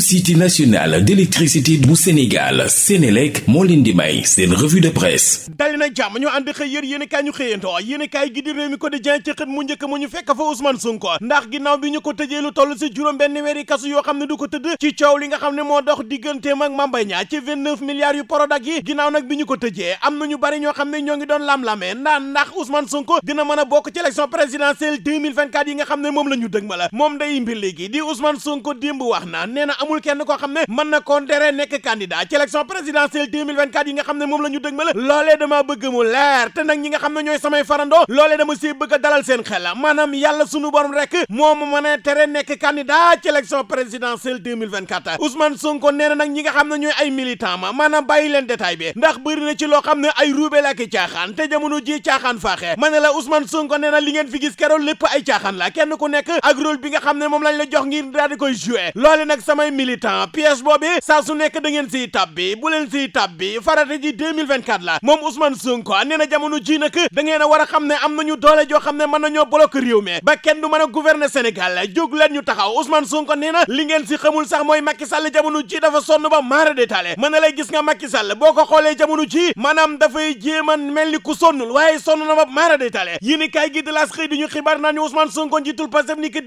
société nationale d'électricité bu Sénégal Sénélec moo leen di may ñu ànd xëy yër yéenekaay ñu xëyantoo yéenekaay gi di Rewmi Quotidien ci xët mu njëkk mu ñu fekk fa Ousmane Sonko ndax ginnaaw bi ñu ko tëjee lu toll ci juróom benn weeri kasu yoo xam ne du ko tëdd ci coow li nga xam ne moo dox digganteem ak Mame Mbaye ci 29 milliards yu Prodac yi ginnaaw nag bi ñu ko tëjee am na ñu bari ñoo xam ne ñoo ngi doon lam-lamee ndax Ousmane Sonko dina mën a bokk ci élection présidentielle 2024 yi nga xam amul kenn koo xam ne mën na koo tere nekk candidat ci élection présidentielle yi nga xam ne moom la ñu dëgmal loolee dama bëgg mu leer te nag ñi nga xam ne ñooy samay farandoo loolee dama si bëgg dalal seen xel maanaam yàlla sunu borom rek moom mën a tere nekk candidat ci élection présidentielle 2024 Ousmane Sonko nee na nag ñi nga xam ne ñooy ay militant ma maanaam bàyyi leen détail bi ndax bëri ci loo xam ne ay ruube la ki caaxaan te jamono ji caaxaan samay militant piège saa su nekk da ngeen siy tàbbi bu leen siy tàbbi farata ji la moom Ousmane Sonko nee na jamono ji nag da a war a xam ne am nañu doole joo xam ne mën nañoo bloquer réew mi ba kenn du mën a gouverner Sénégal jóg leen ñu taxaw Ousmane Sonko nee li ngeen si xamul sax mooy Macky Sall jamono ji dafa dafay jéem a mel ni ku sonnul waaye sonn na ba maara détaale yéen kaay gi de las xëy di ñu xibaar naa ñu Ousmane njiitul Pastef ni ki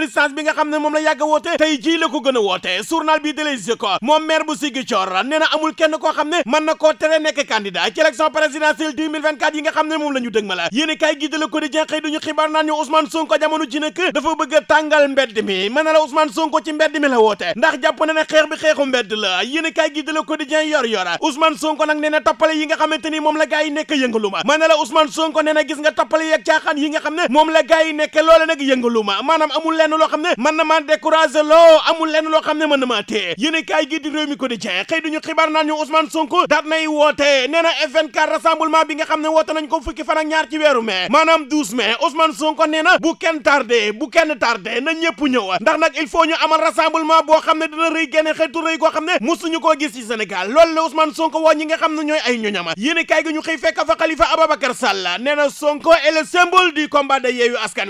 résistance bi nga xam ne moom la yàgg woote tey jii la ko gën woote journal bi de Les Échos moom maire bu Ziguinchor nee na amul kenn koo xam ne mën na koo tere nekk candidat ci élection présidentielle 2024 yi nga xam ne moom la ñu dëg ma la yéen kaay gi de Le Quotidien xëy xibaar naan ñu Ousmane Sonko jamono ji nag dafa bëgg a mbedd mi mën na la Ousmane Sonko ci mbedd mi la woote ndax jàpp na xeex bi xeexu mbedd la yéen kaay gi de Le lenn loo xam ne mën na maa découragé loo amul lenn loo xam ne mën na maa téye yéen kaay gi di réew mi quotidien xëy duñu xibaar naan ñu Ousmane Sonko daat nay woote nee na F24 rassemblement bi nga xam ne woote nañ ko fukki fan ak ñaar ci weeru mai maanaam 12 mai Ousmane Sonko nee na bu kenn tardé na ñëpp ñëw ndax nag il faut ñu amal rassemblement boo xam ne dina rëy génne xeetu rëy koo xam ne musuñu koo gis ci Sénégal loolu la Ousmane Sonko woo ñi xam ne ñooy ay ñoñama yéen kaay gi ñu na Sonko est le symbole du combat de Yewwi Askan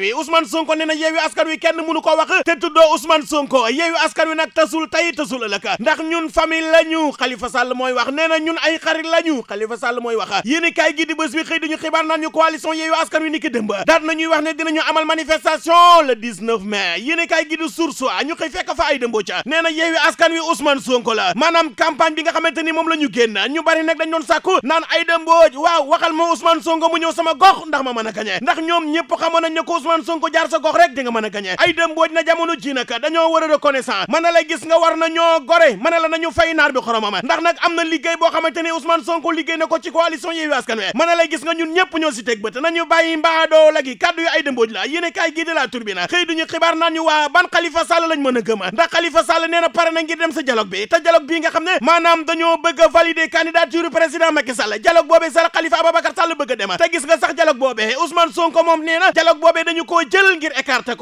mënu ko wax te tuddoo Ousmane Sonko yeeyu askan wi nag tasul tey tasul ëllëg ndax ñun famille la ñu Khalifa Sall mooy wax nee na ñun ay xarit la ñu Khalifa Sall mooy wax yéen kaay gi di bés ñu xëy dañu xibaar naan ñu coalition yeeyu askan wi ni ki dëmb daat nañuy wax ne dinañu amal manifestation le 19 mai yéen kaay gi di source ñu xëy fekk fa ay dëmboo ca nee na yeeyu askan wi Ousmane Sonko la maanaam campagne bi nga xamante ni moom la ñu génn ñu bari nag dañ doon sàkku naan ay dëmboo waaw waxal ma Ousmane Sonko mu ñëw sama gox ndax ma mën a gañe ndax ñoom ñëpp xamoon nañ ne ko Ousmane Sonko jaar sa gox rek di nga mën a gañe ay dem mbooj na jamono ji nag dañoo war a reconnaissant mën na la gis nga war na ñoo gore mën na la nañu fay naar bi xoromam ndax nag am na liggéey boo xamante ni Ousmane Sonko liggéey na ko ci coalition Yewwi Askan Wi mën na la gis nga ñun ñëpp ñoo si teg bët nañu bàyyi mbaadoo la gi kàddu yu ay dëmbooj la yéen a kaay turbina xëy duñu xibaar naan waa ban Khalifa Sall lañ mën a gëm ndax Khalifa Sall nee pare na ngir dem sa dialogue bi te dialogue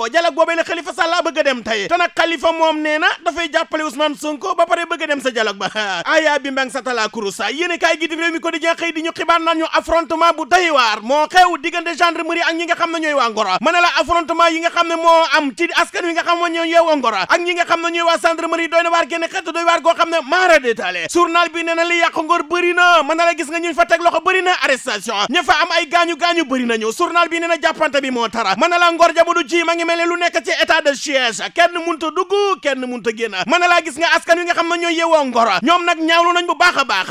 a a dem te ko Khalifa Sall a dem tey te nag Khalifa moom nee na dafay jàppale Ousmane Sonko ba pare bëgg dem sa dialogue ba aya bi mbang sa tala kurusa yéene kaay gi di réew mi ko di jeex xëy di ñu xibaar naan ñu affrontement bu doy waar moo xew diggante gendarmerie ak ñi nga la affrontement yi nga xam ne moo am ci askan wi nga xam ne ñooy yeewoo Ngor ak doy na waar génn xet doy waar goo xam ne maara détaale journal bi nee na li yàq Ngor bëri ma ne la gis nga ñu fa teg loxo état de siège kenn munta dugg kenn munta génn mën na laa gis nga askan wi nga xam ne ñooy yewoo ngor ñoom nag ñaawlu nañ bu baax a baax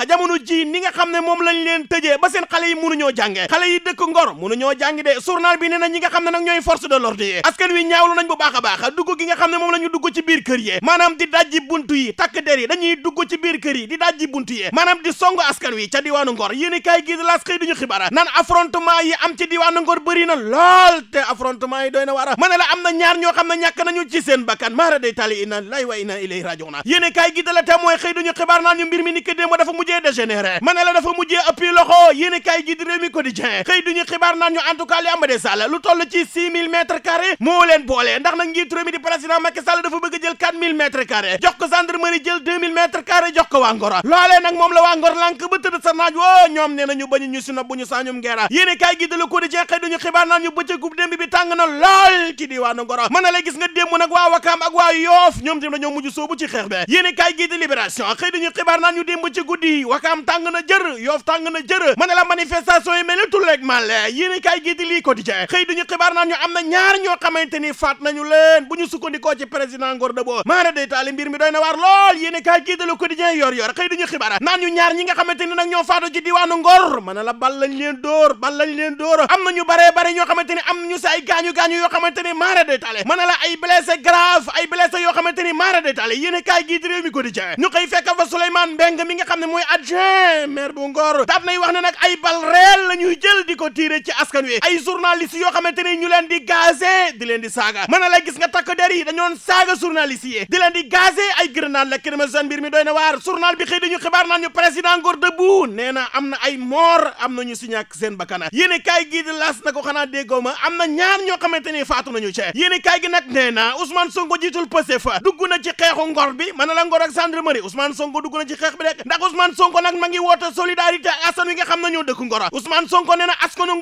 ji ni nga xam ne moom lañ leen tëjee ba seen xale yi munuñoo jànge xale yi dëkk ngor munuñoo jàng de journal bi nee na ñi nga xam ne nag ñooy force de l'ordre yi askan wi ñaawlu nañ bu baax a baax gi nga xam ne moom la ñu dugg ci biir kër yi maanaam di dajji buntu yi takk der yi dañuy dugg ci biir kër yi yi maanaam di song askan wi ca yi am am na ñaar ñoo xam na ñàkk nañu ci seen bakkan maara day taali inna lillahi wa inna ilayhi raji'un yéene kaay gi dala te mooy xëy duñu xibaar naan ñu mbir mi ni ki démb dafa mujjee dégénéré ma ne la dafa mujjee ëppi loxo yéene kaay gi di Rewmi Quotidien xëy duñu xibaar naan ñu en tout cas li amade sall lu toll ci six mille nañu bañu ñu si nopp bu ñu sañum ngeera yéene kaay gi di bi tàng na lool ci diwaanu Ngor mën na la gis nga démb nag waa wakaam ak waa yoof ñoom tam dañoo mujj soobu ci xeex bi yéen i kaay gii di libération xëy dañu xibaar naan ñu démb ci guddi wakaam na jër yoof tàng na jër mën na la manifestation yi mel ni tulleeg màlle yéen i kaay gii di lii quotidien xëy xibaar naan ñu am na ñaar ñoo xamante ni faat nañu leen bu ñu sukkandikoo ci président Ngor Dabo maara day taali mbir mi doy na waar lool yéen i kaay gii di le quotidien yor yor xëy dañu xibaar naan ñu ñaar ñi nga xamante ni nag ñoo faatu ci diwaanu Ngor mën na la bal lañ leen door bal lañ leen door am na ñu bare bare ñoo xamante ni am na ñu say gaañu gaañu yoo xamante ni maara day taali ma ne la ay blessé grave ay blessé yoo xamante ni maara détaillé yéen a kaay gii di réew mi ko nga xam ne mooy adjoint wax ne nag ay bal la ñuy jël di ko tiire ci askan wi ay journalistes yoo xamante ni ñu leen di gazé leen di saaga ma ne la gis nga takk der yi dañoon saaga journalistes yi di leen di gazé ay grenade la krémagene mbir mi doy na waar journal bi xëy dañu xibaar naan na am na ay moor am na ñu si ñàkk seen bakkana yéen a kaay gii di las na xanaa déggoo ma am na ñaar ñoo xamante ni faatu nañu ci yéen kaay na Ousmane Sonko jiitul Pastef dugg na ci xeexu ngor bi mën na la ngor ak gendarmerie Ousmane Sonko dugg na ci xeex bi rek ndax Ousmane Sonko nag ma ngi woote solidarité ak askan wi nga xam ne ñoo dëkk ngor Ousmane Sonko nee na askanu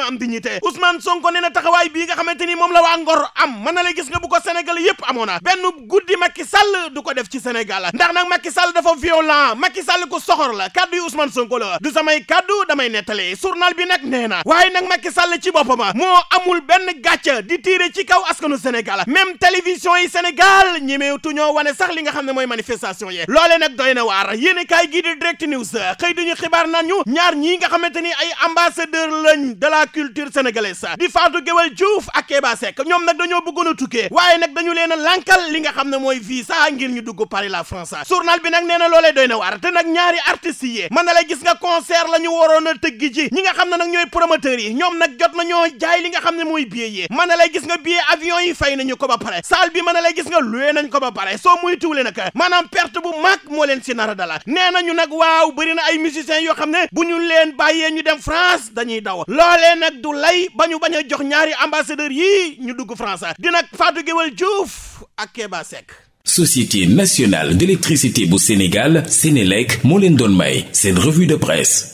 am dignité Ousmane na taxawaay bii nga xamante ni moom la la gis nga bu ko Sénégal yépp amoona benn guddi Macky Sall du ko def ci Sénégal ndax nag Macky Sall dafa violent Macky Sall ku soxor la kaddu yi Ousmane Sonko la du samay kaddu damay nettali journal bi nag nee waaye nag Macky Sall ci boppam moo amul benn gàcc sàcc di tiire ci kaw askanu Sénégal même télévision yi Sénégal ñemeetu ñoo wane sax li nga xam ne mooy manifestation yi loole nag doy na waar yéen kaay gii di direct news xëy duñu xibaar naan ñu ñaar ñii nga xamante ni ay ambassadeur lañ de la culture sénégalaise di Fatou Guewel Diouf ak Kéba Seck ñoom nag dañoo bëggoon a tukkee waaye nag dañu leen a li nga xam ne mooy visa ngir ñu dugg Paris la France journal bi nag nee na loolee doy na waar te nag ñaari artistes yi na la gis nga concert la ñu waroon a tëgg ji xam ne nag ñooy promoteurs yi ñoom nag jot na ñoo jaay li nga xam ne mooy billet ma ne la gis nga billet avion yi fay nañu ko ba pare salle bi ma ne lay gis nga luwee nañ ko ba pare soo muy tuule nag maanaam perte bu mag moo leen si nar a dala nee nañu nag waaw bëri na ay musiciens yoo xam ne bu ñu leen bàyyee ñu dem France dañuy daw loolee nag du lay ba ñu bañ a jox ñaari ambassadeur yi ñu dugg France dina Fatou Guewel Diouf ak Keba Seck. Société nationale d'électricité bu Sénégal Sénélec moo leen doon may seen revue de presse